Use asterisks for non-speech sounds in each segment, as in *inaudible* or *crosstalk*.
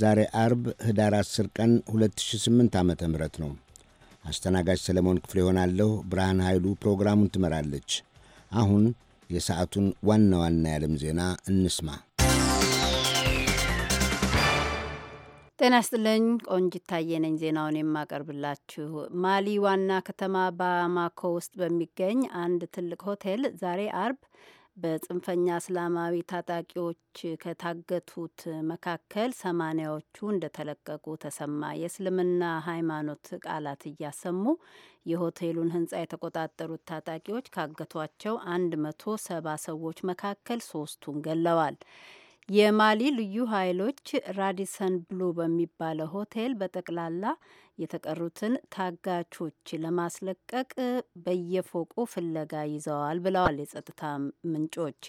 ዛሬ አርብ ህዳር 10 ቀን 2008 ዓ ም ነው። አስተናጋጅ ሰለሞን ክፍሌ ሆናለሁ። ብርሃን ኃይሉ ፕሮግራሙን ትመራለች። አሁን የሰዓቱን ዋና ዋና የዓለም ዜና እንስማ። ጤና ይስጥልኝ ቆንጂት ነኝ። ዜናውን የማቀርብላችሁ ማሊ ዋና ከተማ ባማኮ ውስጥ በሚገኝ አንድ ትልቅ ሆቴል ዛሬ አርብ በጽንፈኛ እስላማዊ ታጣቂዎች ከታገቱት መካከል ሰማኒያዎቹ እንደተለቀቁ ተሰማ። የእስልምና ሃይማኖት ቃላት እያሰሙ የሆቴሉን ህንጻ የተቆጣጠሩት ታጣቂዎች ካገቷቸው አንድ መቶ ሰባ ሰዎች መካከል ሶስቱን ገለዋል። የማሊ ልዩ ኃይሎች ራዲሰን ብሉ በሚባለው ሆቴል በጠቅላላ የተቀሩትን ታጋቾች ለማስለቀቅ በየፎቁ ፍለጋ ይዘዋል ብለዋል የጸጥታ ምንጮች።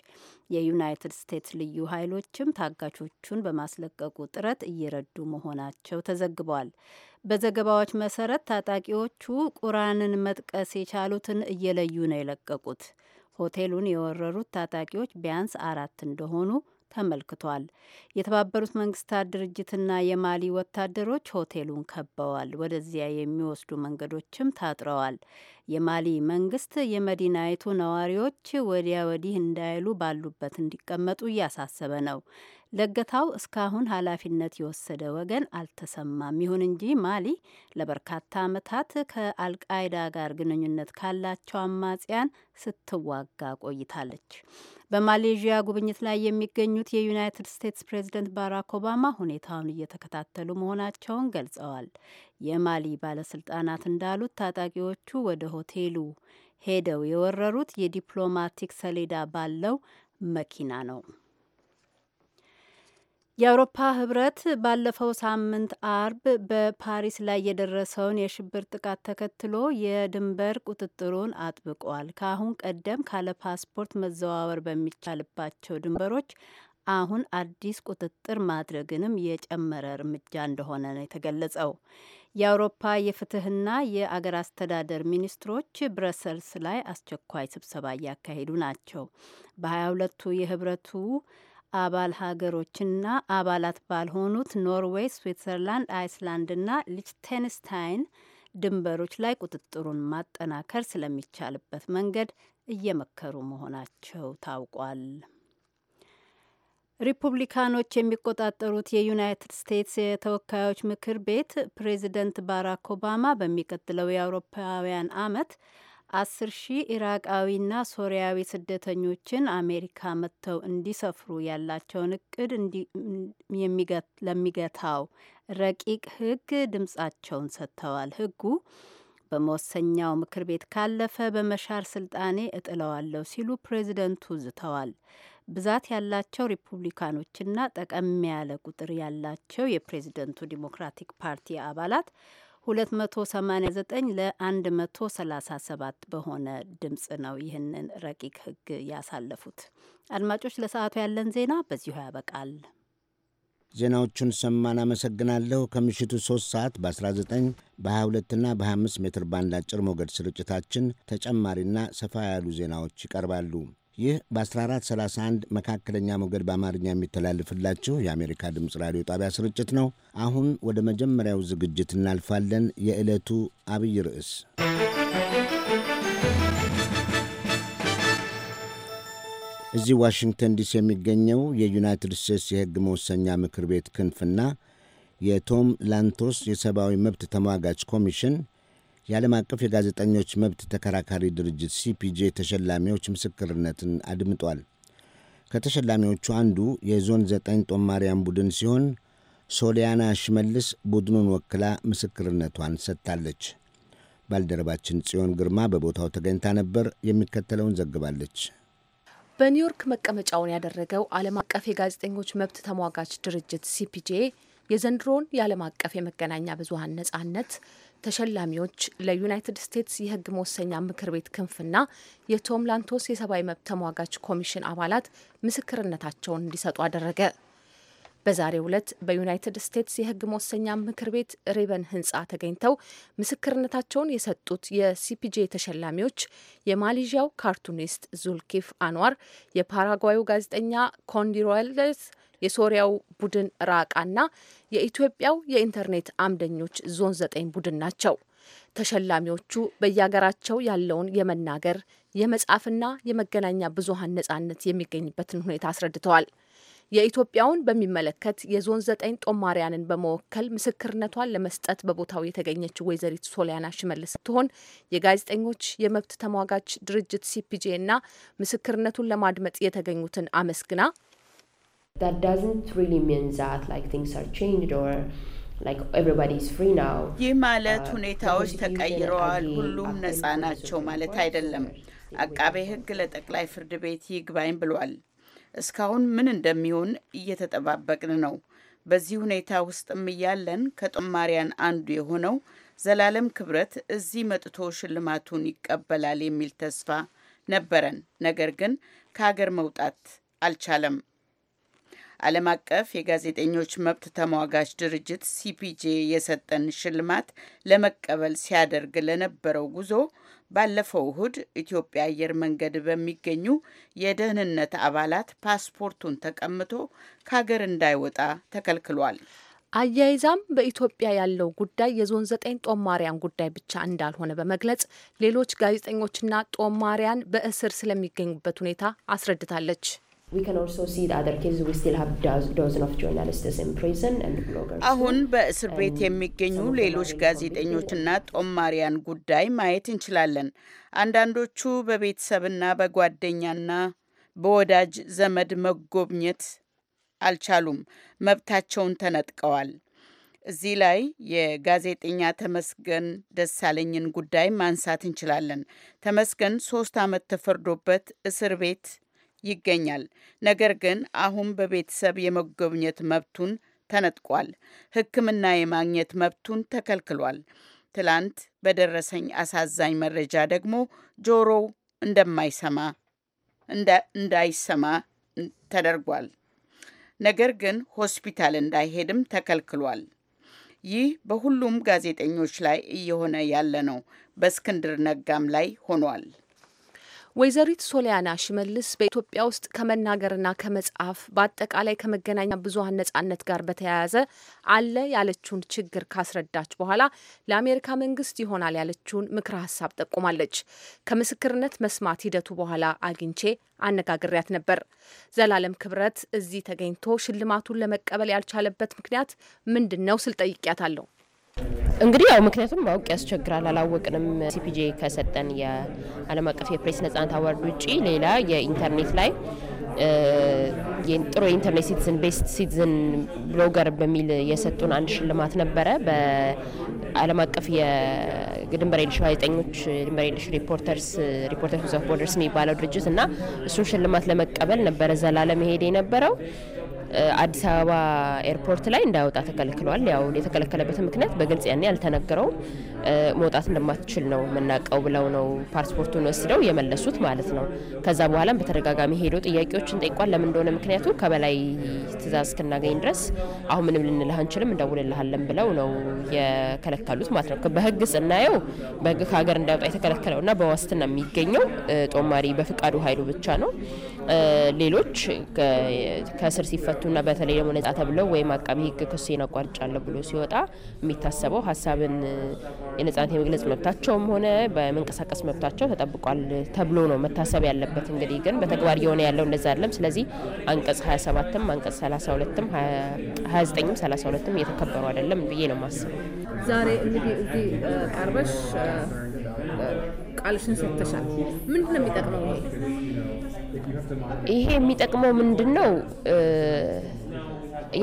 የዩናይትድ ስቴትስ ልዩ ኃይሎችም ታጋቾቹን በማስለቀቁ ጥረት እየረዱ መሆናቸው ተዘግቧል። በዘገባዎች መሰረት ታጣቂዎቹ ቁራንን መጥቀስ የቻሉትን እየለዩ ነው የለቀቁት። ሆቴሉን የወረሩት ታጣቂዎች ቢያንስ አራት እንደሆኑ ተመልክቷል። የተባበሩት መንግስታት ድርጅትና የማሊ ወታደሮች ሆቴሉን ከበዋል። ወደዚያ የሚወስዱ መንገዶችም ታጥረዋል። የማሊ መንግስት የመዲናይቱ ነዋሪዎች ወዲያ ወዲህ እንዳይሉ ባሉበት እንዲቀመጡ እያሳሰበ ነው። ለገታው እስካሁን ኃላፊነት የወሰደ ወገን አልተሰማም። ይሁን እንጂ ማሊ ለበርካታ ዓመታት ከአልቃይዳ ጋር ግንኙነት ካላቸው አማጽያን ስትዋጋ ቆይታለች። በማሌዥያ ጉብኝት ላይ የሚገኙት የዩናይትድ ስቴትስ ፕሬዝደንት ባራክ ኦባማ ሁኔታውን እየተከታተሉ መሆናቸውን ገልጸዋል። የማሊ ባለስልጣናት እንዳሉት ታጣቂዎቹ ወደ ሆቴሉ ሄደው የወረሩት የዲፕሎማቲክ ሰሌዳ ባለው መኪና ነው። የአውሮፓ ህብረት ባለፈው ሳምንት አርብ በፓሪስ ላይ የደረሰውን የሽብር ጥቃት ተከትሎ የድንበር ቁጥጥሩን አጥብቋል። ከአሁን ቀደም ካለ ፓስፖርት መዘዋወር በሚቻልባቸው ድንበሮች አሁን አዲስ ቁጥጥር ማድረግንም የጨመረ እርምጃ እንደሆነ ነው የተገለጸው። የአውሮፓ የፍትህና የአገር አስተዳደር ሚኒስትሮች ብረሰልስ ላይ አስቸኳይ ስብሰባ እያካሄዱ ናቸው። በሀያ ሁለቱ የህብረቱ አባል ሀገሮችና አባላት ባልሆኑት ኖርዌይ፣ ስዊትዘርላንድ፣ አይስላንድና ሊችቴንስታይን ድንበሮች ላይ ቁጥጥሩን ማጠናከር ስለሚቻልበት መንገድ እየመከሩ መሆናቸው ታውቋል። ሪፑብሊካኖች የሚቆጣጠሩት የዩናይትድ ስቴትስ የተወካዮች ምክር ቤት ፕሬዚደንት ባራክ ኦባማ በሚቀጥለው የአውሮፓውያን አመት አስር ሺህ ኢራቃዊና ሶሪያዊ ስደተኞችን አሜሪካ መጥተው እንዲሰፍሩ ያላቸውን እቅድ ለሚገታው ረቂቅ ሕግ ድምጻቸውን ሰጥተዋል። ሕጉ በመወሰኛው ምክር ቤት ካለፈ በመሻር ስልጣኔ እጥለዋለሁ ሲሉ ፕሬዚደንቱ ዝተዋል። ብዛት ያላቸው ሪፑብሊካኖችና ጠቀም ያለ ቁጥር ያላቸው የፕሬዚደንቱ ዲሞክራቲክ ፓርቲ አባላት 289 ለ137 በሆነ ድምፅ ነው ይህንን ረቂቅ ህግ ያሳለፉት። አድማጮች፣ ለሰዓቱ ያለን ዜና በዚሁ ያበቃል። ዜናዎቹን ሰማን፣ አመሰግናለሁ። ከምሽቱ 3 ሰዓት በ19 በ22ና በ25 ሜትር ባንድ አጭር ሞገድ ስርጭታችን ተጨማሪና ሰፋ ያሉ ዜናዎች ይቀርባሉ። ይህ በ1431 መካከለኛ ሞገድ በአማርኛ የሚተላልፍላችሁ የአሜሪካ ድምፅ ራዲዮ ጣቢያ ስርጭት ነው። አሁን ወደ መጀመሪያው ዝግጅት እናልፋለን። የዕለቱ አብይ ርዕስ እዚህ ዋሽንግተን ዲሲ የሚገኘው የዩናይትድ ስቴትስ የሕግ መወሰኛ ምክር ቤት ክንፍና የቶም ላንቶስ የሰብአዊ መብት ተሟጋች ኮሚሽን የዓለም አቀፍ የጋዜጠኞች መብት ተከራካሪ ድርጅት ሲፒጄ ተሸላሚዎች ምስክርነትን አድምጧል። ከተሸላሚዎቹ አንዱ የዞን ዘጠኝ ጦማሪያን ቡድን ሲሆን ሶሊያና ሽመልስ ቡድኑን ወክላ ምስክርነቷን ሰጥታለች። ባልደረባችን ጽዮን ግርማ በቦታው ተገኝታ ነበር። የሚከተለውን ዘግባለች። በኒውዮርክ መቀመጫውን ያደረገው ዓለም አቀፍ የጋዜጠኞች መብት ተሟጋች ድርጅት ሲፒጄ የዘንድሮውን የዓለም አቀፍ የመገናኛ ብዙሀን ነጻነት ተሸላሚዎች ለዩናይትድ ስቴትስ የህግ መወሰኛ ምክር ቤት ክንፍና የቶም ላንቶስ የሰብአዊ መብት ተሟጋች ኮሚሽን አባላት ምስክርነታቸውን እንዲሰጡ አደረገ። በዛሬው ዕለት በዩናይትድ ስቴትስ የህግ መወሰኛ ምክር ቤት ሬቨን ህንፃ ተገኝተው ምስክርነታቸውን የሰጡት የሲፒጄ ተሸላሚዎች የማሌዥያው ካርቱኒስት ዙልኪፍ አንዋር፣ የፓራጓዩ ጋዜጠኛ ኮንዲሮልስ የሶሪያው ቡድን ራቃና የኢትዮጵያው የኢንተርኔት አምደኞች ዞን ዘጠኝ ቡድን ናቸው። ተሸላሚዎቹ በየሀገራቸው ያለውን የመናገር የመጻፍና የመገናኛ ብዙሀን ነጻነት የሚገኝበትን ሁኔታ አስረድተዋል። የኢትዮጵያውን በሚመለከት የዞን ዘጠኝ ጦማሪያንን በመወከል ምስክርነቷን ለመስጠት በቦታው የተገኘችው ወይዘሪት ሶሊያና ሽመልስ ስትሆን የጋዜጠኞች የመብት ተሟጋች ድርጅት ሲፒጄ እና ምስክርነቱን ለማድመጥ የተገኙትን አመስግና that doesn't really mean that like things are changed or ይህ ማለት uh, ሁኔታዎች ተቀይረዋል፣ ሁሉም ነፃ ናቸው ማለት አይደለም። አቃቤ ሕግ ለጠቅላይ ፍርድ ቤት ይግባኝ ብሏል። እስካሁን ምን እንደሚሆን እየተጠባበቅን ነው። በዚህ ሁኔታ ውስጥም እያለን ከጦማሪያን አንዱ የሆነው ዘላለም ክብረት እዚህ መጥቶ ሽልማቱን ይቀበላል የሚል ተስፋ ነበረን። ነገር ግን ከሀገር መውጣት አልቻለም። ዓለም አቀፍ የጋዜጠኞች መብት ተሟጋች ድርጅት ሲፒጄ የሰጠን ሽልማት ለመቀበል ሲያደርግ ለነበረው ጉዞ ባለፈው እሁድ ኢትዮጵያ አየር መንገድ በሚገኙ የደህንነት አባላት ፓስፖርቱን ተቀምቶ ከሀገር እንዳይወጣ ተከልክሏል። አያይዛም በኢትዮጵያ ያለው ጉዳይ የዞን ዘጠኝ ጦማሪያን ጉዳይ ብቻ እንዳልሆነ በመግለጽ ሌሎች ጋዜጠኞችና ጦማሪያን በእስር ስለሚገኙበት ሁኔታ አስረድታለች። አሁን በእስር ቤት የሚገኙ ሌሎች ጋዜጠኞችና ጦማሪያን ጉዳይ ማየት እንችላለን። አንዳንዶቹ በቤተሰብና በጓደኛና በወዳጅ ዘመድ መጎብኘት አልቻሉም፣ መብታቸውን ተነጥቀዋል። እዚህ ላይ የጋዜጠኛ ተመስገን ደሳለኝን ጉዳይ ማንሳት እንችላለን። ተመስገን ሶስት ዓመት ተፈርዶበት እስር ቤት ይገኛል። ነገር ግን አሁን በቤተሰብ የመጎብኘት መብቱን ተነጥቋል። ሕክምና የማግኘት መብቱን ተከልክሏል። ትላንት በደረሰኝ አሳዛኝ መረጃ ደግሞ ጆሮው እንደማይሰማ እንዳይሰማ ተደርጓል። ነገር ግን ሆስፒታል እንዳይሄድም ተከልክሏል። ይህ በሁሉም ጋዜጠኞች ላይ እየሆነ ያለ ነው። በእስክንድር ነጋም ላይ ሆኗል። ወይዘሪት ሶሊያና ሽመልስ በኢትዮጵያ ውስጥ ከመናገርና ከመጻፍ በአጠቃላይ ከመገናኛ ብዙሀን ነጻነት ጋር በተያያዘ አለ ያለችውን ችግር ካስረዳች በኋላ ለአሜሪካ መንግስት ይሆናል ያለችውን ምክረ ሀሳብ ጠቁማለች። ከምስክርነት መስማት ሂደቱ በኋላ አግኝቼ አነጋግሬያት ነበር። ዘላለም ክብረት እዚህ ተገኝቶ ሽልማቱን ለመቀበል ያልቻለበት ምክንያት ምንድን ነው ስል ጠይቄያታለሁ። እንግዲህ ያው ምክንያቱም ማወቅ ያስቸግራል፣ አላወቅንም። ሲፒጄ ከሰጠን የዓለም አቀፍ የፕሬስ ነጻነት አዋርድ ውጭ ሌላ የኢንተርኔት ላይ ጥሩ የኢንተርኔት ሲቲዝን ቤስት ሲቲዝን ብሎገር በሚል የሰጡን አንድ ሽልማት ነበረ። በዓለም አቀፍ የድንበር የለሽ ጋዜጠኞች ድንበር የለሽ ሪፖርተርስ ሪፖርተርስ ኦፍ ቦርደርስ የሚባለው ድርጅት እና እሱን ሽልማት ለመቀበል ነበረ ዘላለም መሄድ የነበረው አዲስ አበባ ኤርፖርት ላይ እንዳይወጣ ተከልክሏል። ያው የተከለከለበት ምክንያት በግልጽ ያኔ ያልተነገረውም መውጣት እንደማትችል ነው የምናውቀው ብለው ነው ፓስፖርቱን ወስደው የመለሱት ማለት ነው። ከዛ በኋላም በተደጋጋሚ ሄዶ ጥያቄዎችን ጠይቋል። ለምን እንደሆነ ምክንያቱ ከበላይ ትእዛዝ እስክናገኝ ድረስ አሁን ምንም ልንልህ አንችልም እንደውልልሃለን ብለው ነው የከለከሉት ማለት ነው። በህግ ስናየው በህግ ከሀገር እንዳይወጣ የተከለከለውና በዋስትና የሚገኘው ጦማሪ በፍቃዱ ኃይሉ ብቻ ነው። ሌሎች ከእስር ሲፈቱ ሁለቱና በተለይ ደግሞ ነጻ ተብለው ወይም አቃቢ ሕግ ክሱን አቋርጫለሁ ብሎ ሲወጣ የሚታሰበው ሀሳብን የነጻነት የመግለጽ መብታቸውም ሆነ በመንቀሳቀስ መብታቸው ተጠብቋል ተብሎ ነው መታሰብ ያለበት። እንግዲህ ግን በተግባር እየሆነ ያለው እንደዛ አይደለም። ስለዚህ አንቀጽ 27ም አንቀጽ 32ም 29ም 32ም እየተከበሩ አይደለም ብዬ ነው ማስበው። ዛሬ እንግዲህ እዚህ ቀርበሽ ቃልሽን ሰጥተሻል። ምንድን ነው የሚጠቅመው ይሄ? ይሄ የሚጠቅመው ምንድን ነው?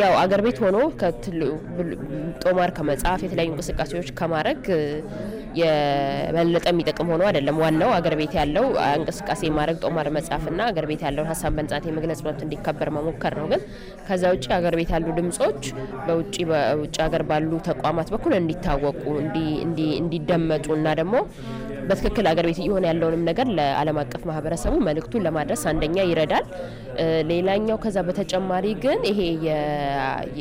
ያው አገር ቤት ሆኖ ጦማር ከመጻፍ የተለያዩ እንቅስቃሴዎች ከማድረግ የበለጠ የሚጠቅም ሆኖ አይደለም። ዋናው አገር ቤት ያለው እንቅስቃሴ ማድረግ ጦማር መጻፍና አገር ቤት ያለውን ሀሳብ መንጻት የመግለጽ መብት እንዲከበር መሞከር ነው። ግን ከዛ ውጭ አገር ቤት ያሉ ድምጾች በውጭ በውጭ ሀገር ባሉ ተቋማት በኩል እንዲታወቁ እንዲደመጡ እና ደግሞ በትክክል አገር ቤት እየሆነ ያለውንም ነገር ለዓለም አቀፍ ማህበረሰቡ መልእክቱን ለማድረስ አንደኛ ይረዳል። ሌላኛው ከዛ በተጨማሪ ግን ይሄ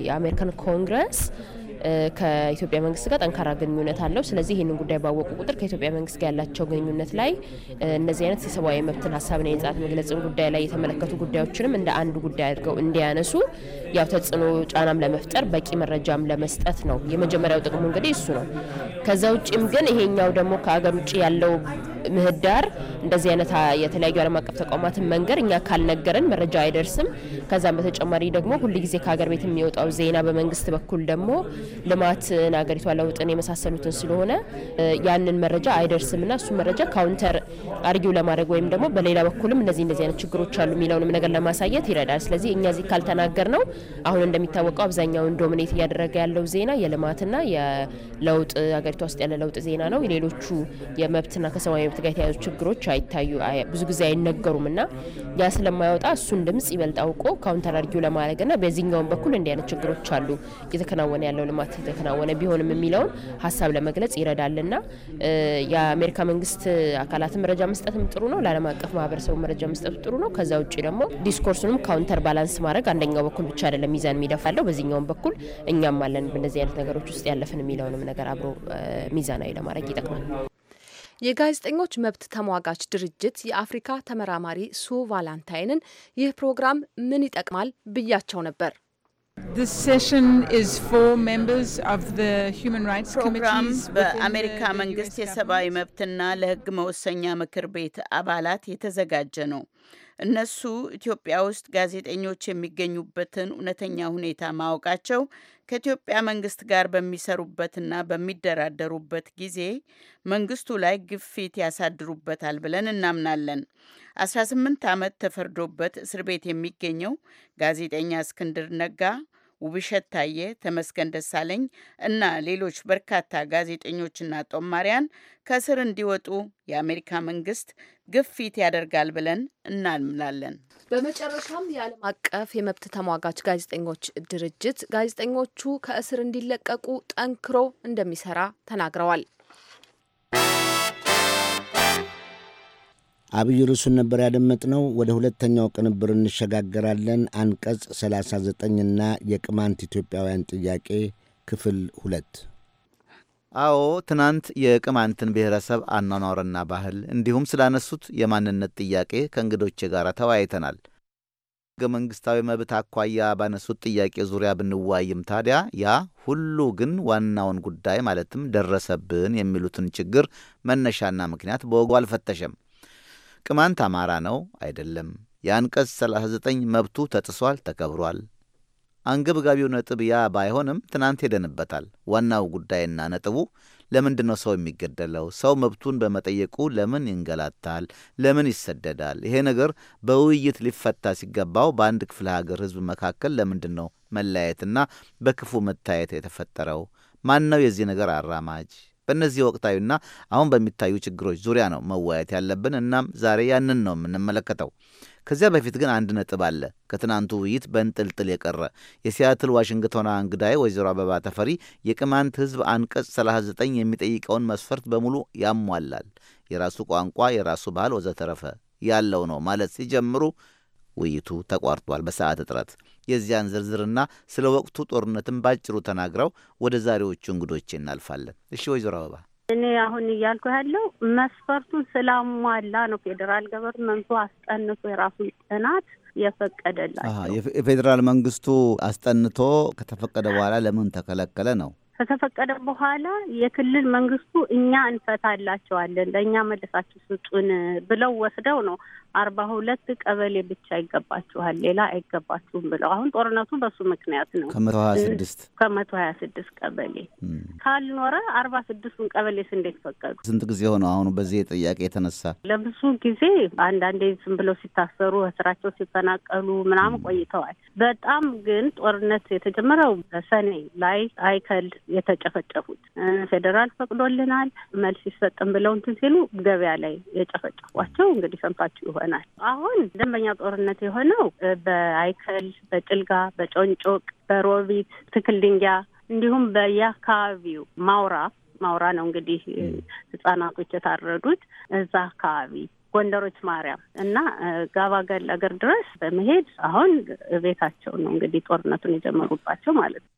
የአሜሪካን ኮንግረስ ከኢትዮጵያ መንግስት ጋር ጠንካራ ግንኙነት አለው። ስለዚህ ይህንን ጉዳይ ባወቁ ቁጥር ከኢትዮጵያ መንግስት ጋር ያላቸው ግንኙነት ላይ እነዚህ አይነት የሰብአዊ መብትን ሀሳብና የነጻነት መግለጽን ጉዳይ ላይ የተመለከቱ ጉዳዮችንም እንደ አንድ ጉዳይ አድርገው እንዲያነሱ ያው ተጽዕኖ ጫናም ለመፍጠር በቂ መረጃም ለመስጠት ነው። የመጀመሪያው ጥቅሙ እንግዲህ እሱ ነው። ከዛ ውጭም ግን ይሄኛው ደግሞ ከሀገር ውጭ ያለው ምህዳር እንደዚህ አይነት የተለያዩ ዓለም አቀፍ ተቋማትን መንገር እኛ ካልነገረን መረጃ አይደርስም። ከዛም በተጨማሪ ደግሞ ጊዜ ከሀገር ቤት የሚወጣው ዜና በመንግስት በኩል ደግሞ ልማትን፣ ሀገሪቷ ለውጥን የመሳሰሉትን ስለሆነ ያንን መረጃ አይደርስምና እሱ መረጃ ካውንተር አርጊው ለማድረግ ወይም ደግሞ በሌላ በኩልም እነዚህ እንደዚህ አይነት ችግሮች አሉ የሚለውንም ነገር ለማሳየት ይረዳል። ስለዚህ እኛ እዚህ ካልተናገር ነው አሁን እንደሚታወቀው አብዛኛውን ዶሚኔት እያደረገ ያለው ዜና የልማትና የለውጥ ሀገሪቷ ውስጥ ያለ ለውጥ ዜና ነው። ሌሎቹ የመብትና ከሰብአዊ መብት ጋር የተያዙ ችግሮች አይታዩ ብዙ ጊዜ አይነገሩም ና ያ ስለማይወጣ እሱን ድምጽ ይበልጥ አውቆ ካውንተር አርጊው ለማድረግ ና በዚህኛውን በኩል እንዲህ አይነት ችግሮች አሉ እየተከናወነ ያለው ልማት የተከናወነ ቢሆንም የሚለውን ሀሳብ ለመግለጽ ይረዳል ና የአሜሪካ መንግስት አካላት መረጃ መስጠትም ጥሩ ነው። ለአለም አቀፍ ማህበረሰቡ መረጃ መስጠቱ ጥሩ ነው። ከዛ ውጭ ደግሞ ዲስኮርሱንም ካውንተር ባላንስ ማድረግ አንደኛው በኩል ብቻ አይደለም ሚዛን የሚደፋለው በዚኛውን በኩል እኛም አለን በእነዚህ አይነት ነገሮች ውስጥ ያለፍን የሚለውንም ነገር አብሮ ሚዛናዊ ለማድረግ ይጠቅማል። የጋዜጠኞች መብት ተሟጋች ድርጅት የአፍሪካ ተመራማሪ ሱ ቫላንታይንን ይህ ፕሮግራም ምን ይጠቅማል ብያቸው ነበር። ፕሮግራም በአሜሪካ መንግስት የሰብአዊ መብትና ለህግ መወሰኛ ምክር ቤት አባላት የተዘጋጀ ነው። እነሱ ኢትዮጵያ ውስጥ ጋዜጠኞች የሚገኙበትን እውነተኛ ሁኔታ ማወቃቸው ከኢትዮጵያ መንግስት ጋር በሚሰሩበትና በሚደራደሩበት ጊዜ መንግስቱ ላይ ግፊት ያሳድሩበታል ብለን እናምናለን። 18 ዓመት ተፈርዶበት እስር ቤት የሚገኘው ጋዜጠኛ እስክንድር ነጋ ውብሸት ታየ፣ ተመስገን ደሳለኝ እና ሌሎች በርካታ ጋዜጠኞችና ጦማሪያን ከእስር እንዲወጡ የአሜሪካ መንግስት ግፊት ያደርጋል ብለን እናምናለን። በመጨረሻም የዓለም አቀፍ የመብት ተሟጋች ጋዜጠኞች ድርጅት ጋዜጠኞቹ ከእስር እንዲለቀቁ ጠንክሮ እንደሚሰራ ተናግረዋል። አብይ ርዕሱን ነበር ያደመጥነው። ወደ ሁለተኛው ቅንብር እንሸጋገራለን። አንቀጽ 39ና የቅማንት ኢትዮጵያውያን ጥያቄ ክፍል ሁለት አዎ ትናንት የቅማንትን ብሔረሰብ አኗኗርና ባህል እንዲሁም ስላነሱት የማንነት ጥያቄ ከእንግዶቼ ጋር ተወያይተናል። ሕገ መንግሥታዊ መብት አኳያ ባነሱት ጥያቄ ዙሪያ ብንዋይም ታዲያ ያ ሁሉ ግን ዋናውን ጉዳይ ማለትም ደረሰብን የሚሉትን ችግር መነሻና ምክንያት በወጉ አልፈተሸም። ቅማንት አማራ ነው አይደለም፣ የአንቀጽ 39 መብቱ ተጥሷል ተከብሯል። አንገብጋቢው ነጥብ ያ ባይሆንም ትናንት ሄደንበታል። ዋናው ጉዳይና ነጥቡ ለምንድን ነው ሰው የሚገደለው? ሰው መብቱን በመጠየቁ ለምን ይንገላታል? ለምን ይሰደዳል? ይሄ ነገር በውይይት ሊፈታ ሲገባው በአንድ ክፍለ ሀገር ሕዝብ መካከል ለምንድን ነው መለያየትና በክፉ መታየት የተፈጠረው? ማን ነው የዚህ ነገር አራማጅ? በእነዚህ ወቅታዊና አሁን በሚታዩ ችግሮች ዙሪያ ነው መወያየት ያለብን። እናም ዛሬ ያንን ነው የምንመለከተው። ከዚያ በፊት ግን አንድ ነጥብ አለ፣ ከትናንቱ ውይይት በንጥልጥል የቀረ የሲያትል ዋሽንግቶና እንግዳይ ወይዘሮ አበባ ተፈሪ የቅማንት ሕዝብ አንቀጽ 39 የሚጠይቀውን መስፈርት በሙሉ ያሟላል፣ የራሱ ቋንቋ፣ የራሱ ባህል ወዘተረፈ ያለው ነው ማለት ሲጀምሩ ውይይቱ ተቋርጧል በሰዓት እጥረት። የዚያን ዝርዝርና ስለ ወቅቱ ጦርነትም ባጭሩ ተናግረው ወደ ዛሬዎቹ እንግዶች እናልፋለን። እሺ ወይዘሮ አበባ እኔ አሁን እያልኩ ያለው መስፈርቱን ስላሟላ ነው። ፌዴራል ገቨርንመንቱ አስጠንቶ የራሱን ጥናት የፈቀደላቸው የፌዴራል መንግስቱ አስጠንቶ ከተፈቀደ በኋላ ለምን ተከለከለ ነው። ከተፈቀደ በኋላ የክልል መንግስቱ እኛ እንፈታላቸዋለን ለእኛ መልሳችሁ ስጡን ብለው ወስደው ነው አርባ ሁለት ቀበሌ ብቻ ይገባችኋል፣ ሌላ አይገባችሁም ብለው አሁን ጦርነቱ በሱ ምክንያት ነው። ከመቶ ሀያ ስድስት ከመቶ ሀያ ስድስት ቀበሌ ካልኖረ አርባ ስድስቱን ቀበሌስ እንዴት ፈቀዱ? ስንት ጊዜ ሆነ አሁኑ በዚህ ጥያቄ የተነሳ ለብዙ ጊዜ አንዳንዴ ዝም ብለው ሲታሰሩ ስራቸው ሲፈናቀሉ ምናምን ቆይተዋል። በጣም ግን ጦርነት የተጀመረው በሰኔ ላይ አይከል የተጨፈጨፉት ፌዴራል ፈቅዶልናል መልስ ይሰጥም ብለው እንትን ሲሉ ገበያ ላይ የጨፈጨፏቸው እንግዲህ ሰምታችሁ ይሆናል። አሁን ደንበኛ ጦርነት የሆነው በአይከል፣ በጭልጋ፣ በጮንጮቅ፣ በሮቢት፣ ትክል ድንጊያ እንዲሁም በየአካባቢው ማውራ ማውራ ነው እንግዲህ ህጻናቶች የታረዱት እዛ አካባቢ ጎንደሮች ማርያም እና ጋባገል አገር ድረስ በመሄድ አሁን ቤታቸው ነው እንግዲህ ጦርነቱን የጀመሩባቸው ማለት ነው።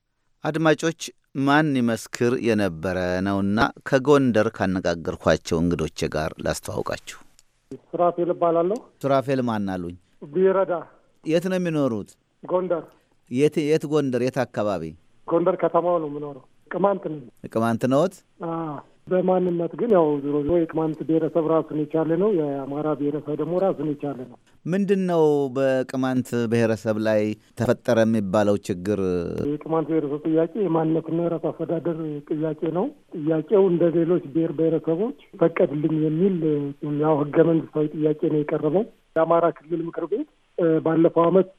አድማጮች ማን ይመስክር የነበረ ነውና ከጎንደር ካነጋገርኳቸው እንግዶቼ ጋር ላስተዋውቃችሁ። ሱራፌል እባላለሁ። ሱራፌል ማን አሉኝ? ቢረዳ። የት ነው የሚኖሩት? ጎንደር። የት የት? ጎንደር የት አካባቢ? ጎንደር ከተማው ነው የምኖረው። ቅማንት ነው። ቅማንት ነዎት? በማንነት ግን ያው ዞሮ ዞሮ የቅማንት ብሔረሰብ ራሱን የቻለ ነው። የአማራ ብሔረሰብ ደግሞ ራሱን የቻለ ነው። ምንድን ነው በቅማንት ብሔረሰብ ላይ ተፈጠረ የሚባለው ችግር? የቅማንት ብሔረሰብ ጥያቄ የማንነትና የራስ አስተዳደር ጥያቄ ነው። ጥያቄው እንደ ሌሎች ብሔር ብሔረሰቦች ፈቀድልኝ የሚል ያው ህገ መንግስታዊ ጥያቄ ነው የቀረበው። የአማራ ክልል ምክር ቤት ባለፈው አመት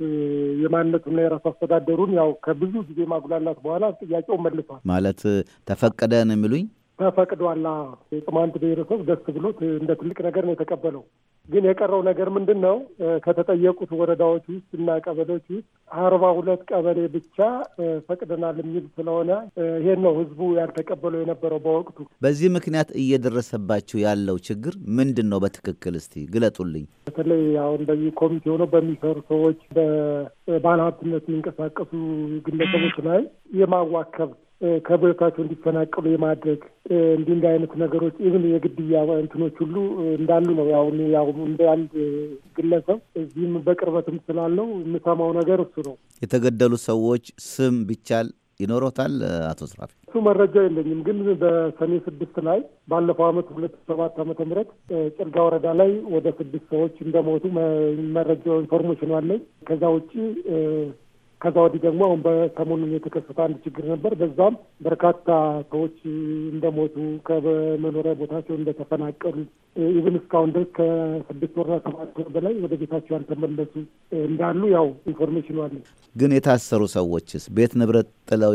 የማንነቱና የራስ አስተዳደሩን ያው ከብዙ ጊዜ ማጉላላት በኋላ ጥያቄው መልሷል። ማለት ተፈቀደን የሚሉኝ ተፈቅዷላ የቅማንት ብሔረሰብ ደስ ብሎት እንደ ትልቅ ነገር ነው የተቀበለው። ግን የቀረው ነገር ምንድን ነው? ከተጠየቁት ወረዳዎች ውስጥ እና ቀበሌዎች ውስጥ አርባ ሁለት ቀበሌ ብቻ ፈቅደናል የሚል ስለሆነ ይሄን ነው ህዝቡ ያልተቀበለው የነበረው በወቅቱ። በዚህ ምክንያት እየደረሰባችሁ ያለው ችግር ምንድን ነው? በትክክል እስቲ ግለጡልኝ። በተለይ አሁን በዚህ ኮሚቴ ሆነው በሚሰሩ ሰዎች፣ በባለሀብትነት የሚንቀሳቀሱ ግለሰቦች ላይ የማዋከብ ከቦታቸው እንዲፈናቀሉ የማድረግ እንዲህ እንዲህ አይነት ነገሮች ኢቭን የግድያ እንትኖች ሁሉ እንዳሉ ነው። ያው ያው እንደ አንድ ግለሰብ እዚህም በቅርበትም ስላለው የምሰማው ነገር እሱ ነው። የተገደሉ ሰዎች ስም ቢቻል ይኖሮታል አቶ ስራፊ? እሱ መረጃ የለኝም፣ ግን በሰኔ ስድስት ላይ ባለፈው አመት ሁለት ሰባት ዓመተ ምህረት ጭልጋ ወረዳ ላይ ወደ ስድስት ሰዎች እንደሞቱ መረጃ ኢንፎርሜሽን አለኝ። ከዛ ውጭ ከዛ ወዲህ ደግሞ አሁን በሰሞኑን የተከሰተ አንድ ችግር ነበር። በዛም በርካታ ሰዎች እንደሞቱ ከመኖሪያ ቦታቸው እንደተፈናቀሉ ኢቭን እስካሁን ድረስ ከስድስት ወር ሰባት ወር በላይ ወደ ቤታቸው ያልተመለሱ እንዳሉ ያው ኢንፎርሜሽኑ አለ። ግን የታሰሩ ሰዎችስ ቤት ንብረት ጥለው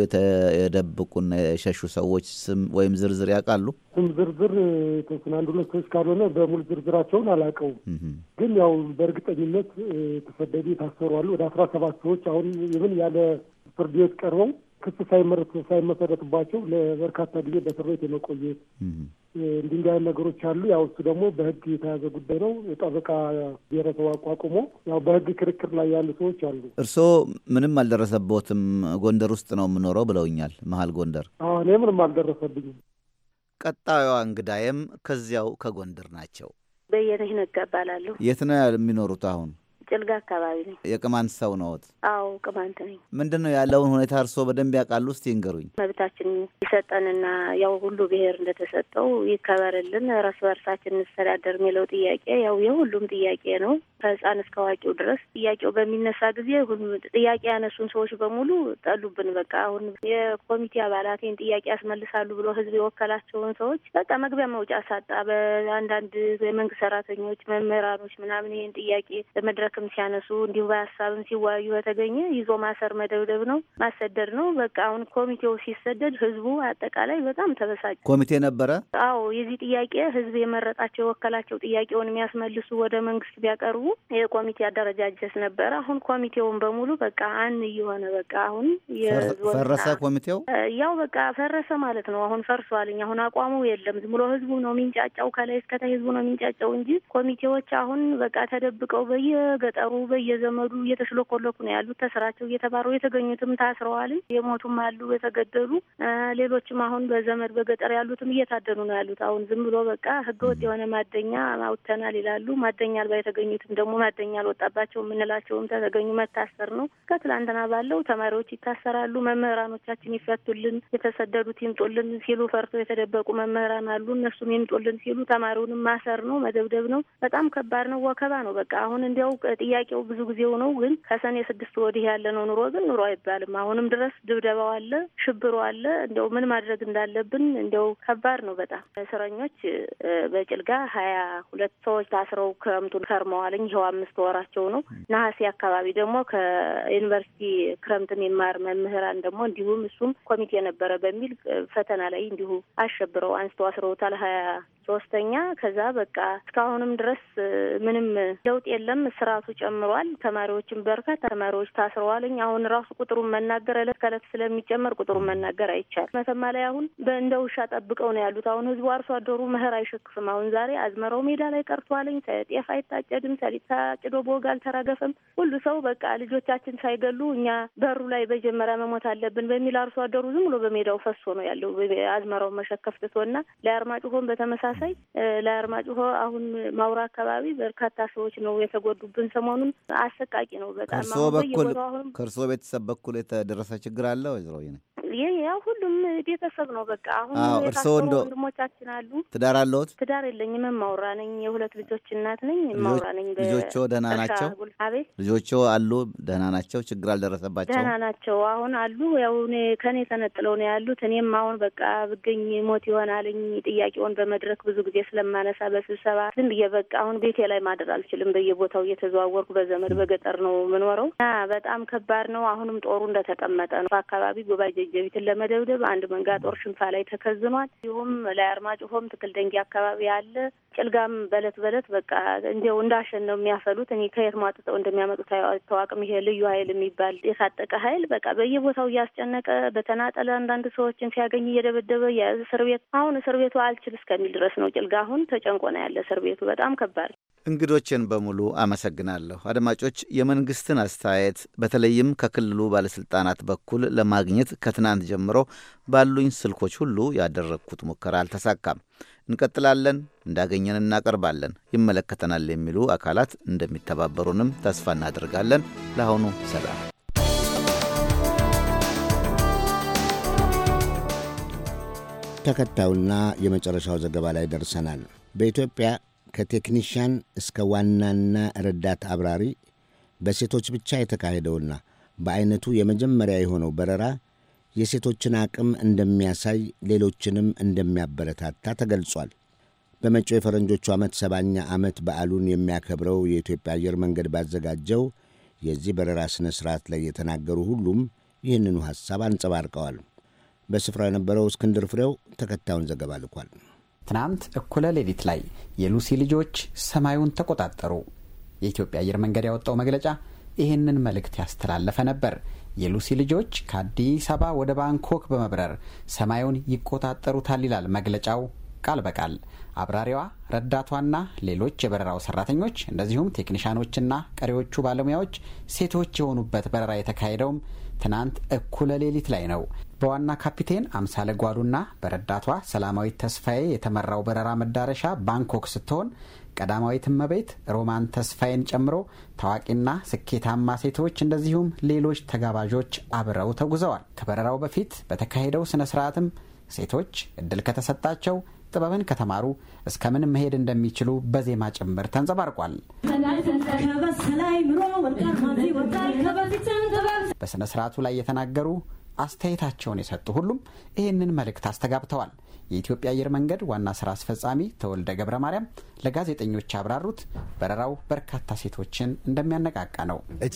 የደብቁና የሸሹ ሰዎች ስም ወይም ዝርዝር ያውቃሉ? ስም ዝርዝር የተወሰነ አንድ ሁለት ሰዎች ካልሆነ በሙሉ ዝርዝራቸውን አላውቀውም። ግን ያው በእርግጠኝነት የተሰደዱ የታሰሩ አሉ። ወደ አስራ ሰባት ሰዎች አሁን ይህን ያለ ፍርድ ቤት ቀርበው ክስ ሳይመሰረትባቸው ለበርካታ ጊዜ በእስር ቤት የመቆየት እንዲህ ነገሮች አሉ። ያው እሱ ደግሞ በህግ የተያዘ ጉዳይ ነው። የጠበቃ ብሔረሰብ አቋቁሞ ያው በህግ ክርክር ላይ ያሉ ሰዎች አሉ። እርስዎ ምንም አልደረሰቦትም? ጎንደር ውስጥ ነው የምኖረው ብለውኛል። መሀል ጎንደር። አዎ እኔ ምንም አልደረሰብኝም። ቀጣዩዋ እንግዳዬም ከዚያው ከጎንደር ናቸው። በየነህ ነጋ እባላለሁ። የት ነው የሚኖሩት አሁን? ጭልጋ አካባቢ ነኝ። የቅማንት ሰው ነዎት? አዎ ቅማንት ነኝ። ምንድን ነው ያለውን ሁኔታ እርስዎ በደንብ ያውቃሉ? እስቲ ይንገሩኝ። መብታችን ይሰጠንና ያው ሁሉ ብሔር እንደተሰጠው ይከበርልን፣ እርስ በርሳችን እንስተዳደር የሚለው ጥያቄ ያው የሁሉም ጥያቄ ነው። ከህፃን እስከ አዋቂው ድረስ ጥያቄው በሚነሳ ጊዜ ጥያቄ ያነሱን ሰዎች በሙሉ ጠሉብን። በቃ አሁን የኮሚቴ አባላቴን ጥያቄ ያስመልሳሉ ብሎ ህዝብ የወከላቸውን ሰዎች በቃ መግቢያ መውጫ ሳጣ። በአንዳንድ የመንግስት ሰራተኞች፣ መምህራኖች ምናምን ይህን ጥያቄ በመድረክም ሲያነሱ እንዲሁ በሀሳብም ሲወያዩ በተገኘ ይዞ ማሰር መደብደብ ነው ማሰደድ ነው። በቃ አሁን ኮሚቴው ሲሰደድ ህዝቡ አጠቃላይ በጣም ተበሳጭ ኮሚቴ ነበረ። አዎ የዚህ ጥያቄ ህዝብ የመረጣቸው የወከላቸው ጥያቄውን የሚያስመልሱ ወደ መንግስት ቢያቀርቡ የኮሚቴ አደረጃጀት ነበረ። አሁን ኮሚቴውን በሙሉ በቃ አን እየሆነ በቃ አሁን ፈረሰ ኮሚቴው ያው በቃ ፈረሰ ማለት ነው። አሁን ፈርሷልኝ። አሁን አቋሙ የለም። ዝም ብሎ ህዝቡ ነው የሚንጫጫው፣ ከላይ እስከታ ህዝቡ ነው የሚንጫጫው እንጂ ኮሚቴዎች አሁን በቃ ተደብቀው በየገጠሩ በየዘመዱ እየተሽለኮለኩ ነው ያሉት። ተስራቸው እየተባረው የተገኙትም ታስረዋልኝ፣ የሞቱም አሉ፣ የተገደሉ ሌሎችም አሁን በዘመድ በገጠር ያሉትም እየታደኑ ነው ያሉት። አሁን ዝም ብሎ በቃ ህገወጥ የሆነ ማደኛ አውጥተናል ይላሉ። ማደኛ አልባ የተገኙትም ደግሞ መደኛ አልወጣባቸው የምንላቸውም ተገኙ መታሰር ነው። ከትላንትና ባለው ተማሪዎች ይታሰራሉ፣ መምህራኖቻችን ይፈቱልን፣ የተሰደዱት ይምጡልን ሲሉ ፈርተው የተደበቁ መምህራን አሉ። እነሱም ይምጡልን ሲሉ ተማሪውንም ማሰር ነው፣ መደብደብ ነው። በጣም ከባድ ነው፣ ወከባ ነው። በቃ አሁን እንዲያው ጥያቄው ብዙ ጊዜው ነው፣ ግን ከሰኔ ስድስት ወዲህ ያለ ነው ኑሮ ግን ኑሮ አይባልም። አሁንም ድረስ ድብደባው አለ፣ ሽብሮ አለ። እንዲያው ምን ማድረግ እንዳለብን እንዲያው ከባድ ነው በጣም እስረኞች በጭልጋ ሀያ ሁለት ሰዎች ታስረው ክረምቱን ከርመዋል። ቆንጆ አምስት ወራቸው ነው። ነሐሴ አካባቢ ደግሞ ከዩኒቨርሲቲ ክረምት የሚማር መምህራን ደግሞ እንዲሁም እሱም ኮሚቴ ነበረ በሚል ፈተና ላይ እንዲሁ አሸብረው አንስተው አስረውታል ሀያ ሶስተኛ ከዛ በቃ እስካሁንም ድረስ ምንም ለውጥ የለም። ስርዓቱ ጨምሯል። ተማሪዎችን በርካታ ተማሪዎች ታስረዋልኝ። አሁን ራሱ ቁጥሩን መናገር እለት ከእለት ስለሚጨመር ቁጥሩን መናገር አይቻል መተማ ላይ አሁን እንደ ውሻ ጠብቀው ነው ያሉት። አሁን ህዝቡ አርሶ አደሩ መኸር አይሸክፍም። አሁን ዛሬ አዝመራው ሜዳ ላይ ቀርቷልኝ። ጤፍ አይታጨድም፣ ሰሊጥ ታጭዶ በወግ አልተረገፈም ሁሉ ሰው በቃ ልጆቻችን ሳይገሉ እኛ በሩ ላይ በጀመሪያ መሞት አለብን በሚል አርሶ አደሩ ዝም ብሎ በሜዳው ፈሶ ነው ያለው። አዝመራውን መሸከፍ ትቶና ለአርማጭሆን በተመሳሳይ ለአርማጭሆ አሁን ማውራ አካባቢ በርካታ ሰዎች ነው የተጎዱብን። ሰሞኑን አሰቃቂ ነው በጣም። ከእርስዎ ቤተሰብ በኩል የተደረሰ ችግር አለ ወይዘሮ? ያው ሁሉም ቤተሰብ ነው። በቃ አሁን እርስዎ እንደ ወንድሞቻችን አሉ። ትዳር አለዎት? ትዳር የለኝም። እማውራ ነኝ። የሁለት ልጆች እናት ነኝ። እማውራ ነኝ። ልጆችዎ ደህና ናቸው? አቤት ልጆቹ አሉ? ደህና ናቸው? ችግር አልደረሰባቸው? ደህና ናቸው። አሁን አሉ። ያው ከኔ ተነጥለው ነው ያሉት። እኔም አሁን በቃ ብገኝ ሞት ይሆናልኝ። ጥያቄውን በመድረክ ብዙ ጊዜ ስለማነሳ በስብሰባ ዝም ብዬ በቃ አሁን ቤቴ ላይ ማደር አልችልም። በየቦታው እየተዘዋወርኩ በዘመድ በገጠር ነው የምኖረው እና በጣም ከባድ ነው። አሁንም ጦሩ እንደተቀመጠ ነው። በአካባቢ ጉባኤ ጀጀቢትን ለመደብደብ አንድ መንጋ ጦር ሽንፋ ላይ ተከዝኗል። እንዲሁም ላይ አርማጭሆም ትክል ደንጊ አካባቢ አለ። ጭልጋም በለት በለት በቃ እንዲው እንዳሸን ነው የሚያፈሉት። እኔ ከየት ማጡት አስጠው እንደሚያመጡት አይታወቅም። ይሄ ልዩ ኃይል የሚባል የታጠቀ ኃይል በቃ በየቦታው እያስጨነቀ በተናጠለ አንዳንድ ሰዎችን ሲያገኝ እየደበደበ የያዘ እስር ቤት አሁን እስር ቤቱ አልችል እስከሚል ድረስ ነው። ጭልጋ አሁን ተጨንቆ ነው ያለ እስር ቤቱ። በጣም ከባድ። እንግዶችን በሙሉ አመሰግናለሁ። አድማጮች፣ የመንግስትን አስተያየት በተለይም ከክልሉ ባለስልጣናት በኩል ለማግኘት ከትናንት ጀምሮ ባሉኝ ስልኮች ሁሉ ያደረግኩት ሙከራ አልተሳካም። እንቀጥላለን፣ እንዳገኘን እናቀርባለን፣ ይመለከተናል የሚሉ አካላት እንደሚተባበሩንም ተስፋ እናደርጋለን። ለአሁኑ ሰላም። ተከታዩና የመጨረሻው ዘገባ ላይ ደርሰናል። በኢትዮጵያ ከቴክኒሽያን እስከ ዋናና ረዳት አብራሪ በሴቶች ብቻ የተካሄደውና በአይነቱ የመጀመሪያ የሆነው በረራ የሴቶችን አቅም እንደሚያሳይ ሌሎችንም እንደሚያበረታታ ተገልጿል። በመጪው የፈረንጆቹ ዓመት ሰባኛ ዓመት በዓሉን የሚያከብረው የኢትዮጵያ አየር መንገድ ባዘጋጀው የዚህ በረራ ሥነ ሥርዓት ላይ የተናገሩ ሁሉም ይህንኑ ሐሳብ አንጸባርቀዋል። በስፍራው የነበረው እስክንድር ፍሬው ተከታዩን ዘገባ ልኳል። ትናንት እኩለ ሌሊት ላይ የሉሲ ልጆች ሰማዩን ተቆጣጠሩ። የኢትዮጵያ አየር መንገድ ያወጣው መግለጫ ይህንን መልእክት ያስተላለፈ ነበር። የሉሲ ልጆች ከአዲስ አበባ ወደ ባንኮክ በመብረር ሰማዩን ይቆጣጠሩታል ይላል መግለጫው ቃል በቃል። አብራሪዋ ረዳቷና ሌሎች የበረራው ሰራተኞች እንደዚሁም ቴክኒሻኖችና ቀሪዎቹ ባለሙያዎች ሴቶች የሆኑበት በረራ የተካሄደውም ትናንት እኩለ ሌሊት ላይ ነው። በዋና ካፒቴን አምሳለ ጓሉና በረዳቷ ሰላማዊት ተስፋዬ የተመራው በረራ መዳረሻ ባንኮክ ስትሆን ቀዳማዊት እመቤት ሮማን ተስፋዬን ጨምሮ ታዋቂና ስኬታማ ሴቶች እንደዚሁም ሌሎች ተጋባዦች አብረው ተጉዘዋል። ከበረራው በፊት በተካሄደው ስነ ስርዓትም ሴቶች እድል ከተሰጣቸው ጥበብን ከተማሩ እስከ ምን መሄድ እንደሚችሉ በዜማ ጭምር ተንጸባርቋል። በሥነ ሥርዓቱ ላይ የተናገሩ አስተያየታቸውን የሰጡ ሁሉም ይህንን መልእክት አስተጋብተዋል። የኢትዮጵያ አየር መንገድ ዋና ስራ አስፈጻሚ ተወልደ ገብረ ማርያም ለጋዜጠኞች ያብራሩት በረራው በርካታ ሴቶችን እንደሚያነቃቃ ነው። uh,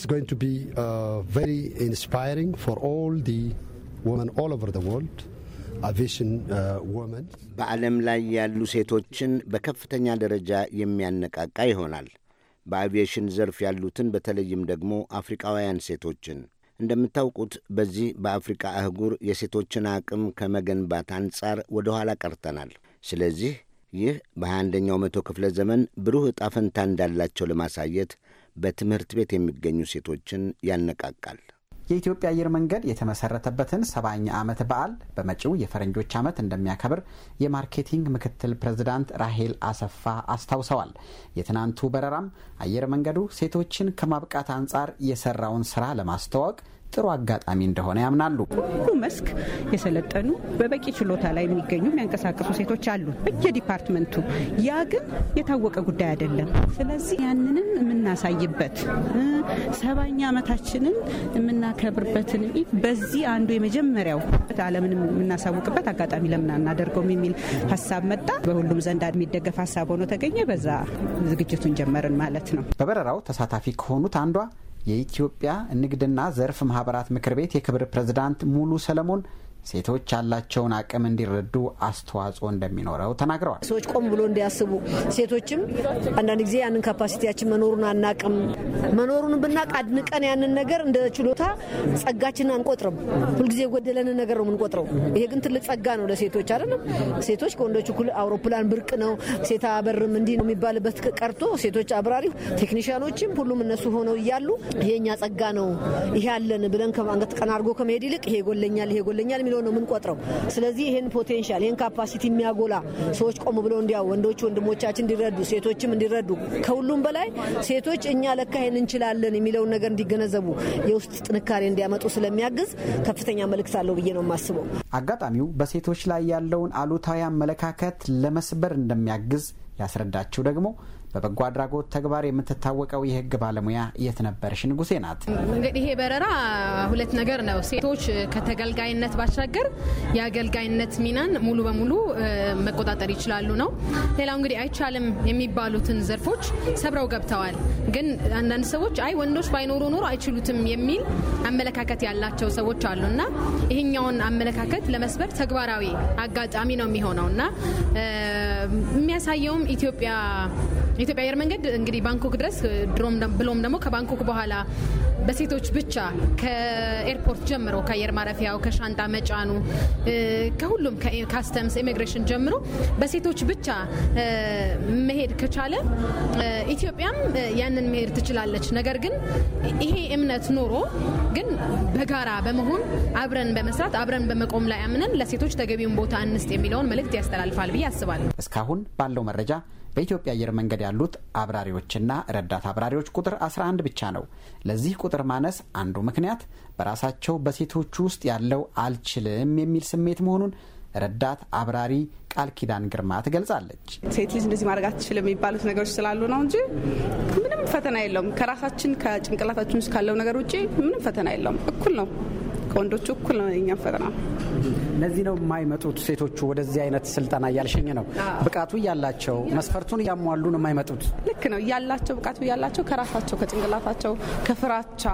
uh, በዓለም ላይ ያሉ ሴቶችን በከፍተኛ ደረጃ የሚያነቃቃ ይሆናል። በአቪዬሽን ዘርፍ ያሉትን በተለይም ደግሞ አፍሪቃውያን ሴቶችን እንደምታውቁት በዚህ በአፍሪካ አህጉር የሴቶችን አቅም ከመገንባት አንጻር ወደ ኋላ ቀርተናል። ስለዚህ ይህ በ21ኛው መቶ ክፍለ ዘመን ብሩህ ዕጣ ፈንታ እንዳላቸው ለማሳየት በትምህርት ቤት የሚገኙ ሴቶችን ያነቃቃል። የኢትዮጵያ አየር መንገድ የተመሰረተበትን ሰባኛ ዓመት በዓል በመጪው የፈረንጆች ዓመት እንደሚያከብር የማርኬቲንግ ምክትል ፕሬዝዳንት ራሄል አሰፋ አስታውሰዋል። የትናንቱ በረራም አየር መንገዱ ሴቶችን ከማብቃት አንጻር የሰራውን ስራ ለማስተዋወቅ ጥሩ አጋጣሚ እንደሆነ ያምናሉ። ሁሉ መስክ የሰለጠኑ በበቂ ችሎታ ላይ የሚገኙ የሚያንቀሳቀሱ ሴቶች አሉ በየዲፓርትመንቱ። ያ ግን የታወቀ ጉዳይ አይደለም። ስለዚህ ያንንም የምናሳይበት ሰባኛ ዓመታችንን የምናከብርበትን በዚህ አንዱ የመጀመሪያው ዓለምን የምናሳውቅበት አጋጣሚ ለምን አናደርገውም የሚል ሀሳብ መጣ። በሁሉም ዘንድ የሚደገፍ ሀሳብ ሆኖ ተገኘ። በዛ ዝግጅቱን ጀመርን ማለት ነው። በበረራው ተሳታፊ ከሆኑት አንዷ የኢትዮጵያ ንግድና ዘርፍ ማህበራት ምክር ቤት የክብር ፕሬዝዳንት ሙሉ ሰለሞን ሴቶች ያላቸውን አቅም እንዲረዱ አስተዋጽኦ እንደሚኖረው ተናግረዋል። ሰዎች ቆም ብሎ እንዲያስቡ፣ ሴቶችም አንዳንድ ጊዜ ያንን ካፓሲቲያችን መኖሩን አናቅም። መኖሩን ብናቅ አድንቀን ያንን ነገር እንደ ችሎታ ጸጋችንን አንቆጥርም። ሁልጊዜ የጎደለንን ነገር ነው የምንቆጥረው። ይሄ ግን ትልቅ ጸጋ ነው ለሴቶች አይደለም። ሴቶች ከወንዶች እኩል አውሮፕላን ብርቅ ነው፣ ሴት አበርም እንዲህ ነው የሚባልበት ቀርቶ ሴቶች አብራሪ ቴክኒሽያኖችም ሁሉም እነሱ ሆነው እያሉ ይሄኛ ጸጋ ነው ይሄ አለን ብለን ከአንገት ቀና አድርጎ ከመሄድ ይልቅ ይሄ ይጎለኛል ይሄ ይጎለኛል ብሎ ነው የምንቆጥረው። ስለዚህ ይህን ፖቴንሻል ይህን ካፓሲቲ የሚያጎላ ሰዎች ቆም ብለው እንዲያው ወንዶች ወንድሞቻችን እንዲረዱ፣ ሴቶችም እንዲረዱ፣ ከሁሉም በላይ ሴቶች እኛ ለካ ይህን እንችላለን የሚለውን ነገር እንዲገነዘቡ የውስጥ ጥንካሬ እንዲያመጡ ስለሚያግዝ ከፍተኛ መልእክት አለው ብዬ ነው የማስበው። አጋጣሚው በሴቶች ላይ ያለውን አሉታዊ አመለካከት ለመስበር እንደሚያግዝ ያስረዳችው ደግሞ በበጎ አድራጎት ተግባር የምትታወቀው የህግ ባለሙያ የት ነበረሽ ንጉሴ ናት። እንግዲህ ይሄ በረራ ሁለት ነገር ነው። ሴቶች ከተገልጋይነት ባሻገር የአገልጋይነት ሚናን ሙሉ በሙሉ መቆጣጠር ይችላሉ ነው። ሌላው እንግዲህ አይቻልም የሚባሉትን ዘርፎች ሰብረው ገብተዋል። ግን አንዳንድ ሰዎች አይ ወንዶች ባይኖሩ ኖሮ አይችሉትም የሚል አመለካከት ያላቸው ሰዎች አሉ እና ይህኛውን አመለካከት ለመስበር ተግባራዊ አጋጣሚ ነው የሚሆነው እና የሚያሳየውም ኢትዮጵያ የኢትዮጵያ አየር መንገድ እንግዲህ ባንኮክ ድረስ ብሎም ደግሞ ከባንኮክ በኋላ በሴቶች ብቻ ከኤርፖርት ጀምሮ ከአየር ማረፊያው ከሻንጣ መጫኑ ከሁሉም ካስተምስ፣ ኢሚግሬሽን ጀምሮ በሴቶች ብቻ መሄድ ከቻለ ኢትዮጵያም ያንን መሄድ ትችላለች። ነገር ግን ይሄ እምነት ኖሮ ግን በጋራ በመሆን አብረን በመስራት አብረን በመቆም ላይ አምነን ለሴቶች ተገቢውን ቦታ እንስጥ የሚለውን መልእክት ያስተላልፋል ብዬ አስባለሁ። እስካሁን ባለው መረጃ በኢትዮጵያ አየር መንገድ ያሉት አብራሪዎችና ረዳት አብራሪዎች ቁጥር 11 ብቻ ነው። ለዚህ ቁጥር ማነስ አንዱ ምክንያት በራሳቸው በሴቶቹ ውስጥ ያለው አልችልም የሚል ስሜት መሆኑን ረዳት አብራሪ ቃል ኪዳን ግርማ ትገልጻለች። ሴት ልጅ እንደዚህ ማድረግ አትችልም የሚባሉት ነገሮች ስላሉ ነው እንጂ ምንም ፈተና የለውም። ከራሳችን ከጭንቅላታችን ውስጥ ካለው ነገር ውጭ ምንም ፈተና የለውም። እኩል ነው። ከወንዶቹ እኩል ነው የኛም ፈተና። ለዚህ ነው የማይመጡት ሴቶቹ ወደዚህ አይነት ስልጠና እያልሸኝ ነው። ብቃቱ እያላቸው መስፈርቱን እያሟሉ ነው የማይመጡት። ልክ ነው እያላቸው ብቃቱ እያላቸው ከራሳቸው ከጭንቅላታቸው ከፍራቻ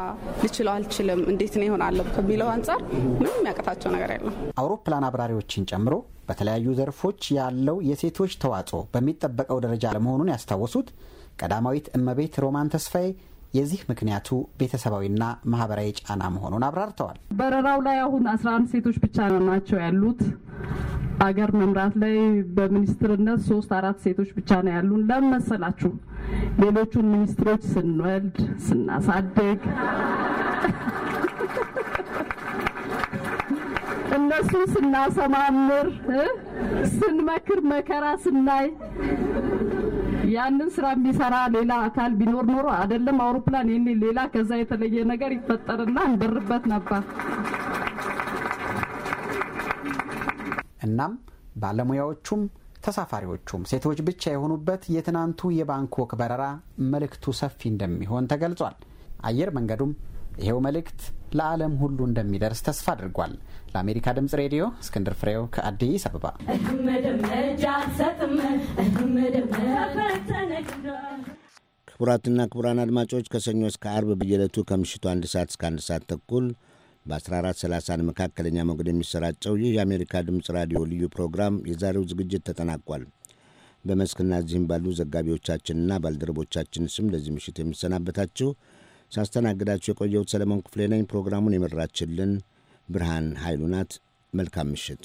ልችለው አልችልም እንዴት ነው ይሆናለሁ ከሚለው አንጻር ምንም የሚያቀታቸው ነገር የለም። አውሮፕላን አብራሪዎችን ጨምሮ በተለያዩ ዘርፎች ያለው የሴቶች ተዋጽኦ በሚጠበቀው ደረጃ ለመሆኑን ያስታወሱት ቀዳማዊት እመቤት ሮማን ተስፋዬ የዚህ ምክንያቱ ቤተሰባዊና ማህበራዊ ጫና መሆኑን አብራርተዋል። በረራው ላይ አሁን አስራ አንድ ሴቶች ብቻ ናቸው ያሉት። አገር መምራት ላይ በሚኒስትርነት ሶስት አራት ሴቶች ብቻ ነው ያሉን። ለምን መሰላችሁ? ሌሎቹን ሚኒስትሮች ስንወልድ ስናሳድግ *laughs* እነሱን ስናሰማምር ስንመክር መከራ ስናይ ያንን ስራ የሚሰራ ሌላ አካል ቢኖር ኖሮ አይደለም አውሮፕላን ይህን ሌላ ከዛ የተለየ ነገር ይፈጠርና እንበርበት ነበር። እናም ባለሙያዎቹም ተሳፋሪዎቹም ሴቶች ብቻ የሆኑበት የትናንቱ የባንኮክ በረራ መልእክቱ ሰፊ እንደሚሆን ተገልጿል። አየር መንገዱም ይሄው መልእክት ለዓለም ሁሉ እንደሚደርስ ተስፋ አድርጓል። ለአሜሪካ ድምፅ ሬዲዮ እስክንድር ፍሬው ከአዲስ አበባ። ክቡራትና ክቡራን አድማጮች ከሰኞ እስከ አርብ በየዕለቱ ከምሽቱ አንድ ሰዓት እስከ አንድ ሰዓት ተኩል በ1430 መካከለኛ ሞገድ የሚሰራጨው ይህ የአሜሪካ ድምፅ ራዲዮ ልዩ ፕሮግራም የዛሬው ዝግጅት ተጠናቋል። በመስክና እዚህም ባሉ ዘጋቢዎቻችንና ባልደረቦቻችን ስም ለዚህ ምሽት የሚሰናበታችሁ ሳስተናግዳችሁ የቆየሁት ሰለሞን ክፍሌ ነኝ። ፕሮግራሙን የመራችልን ብርሃን ኃይሉ ናት። መልካም ምሽት።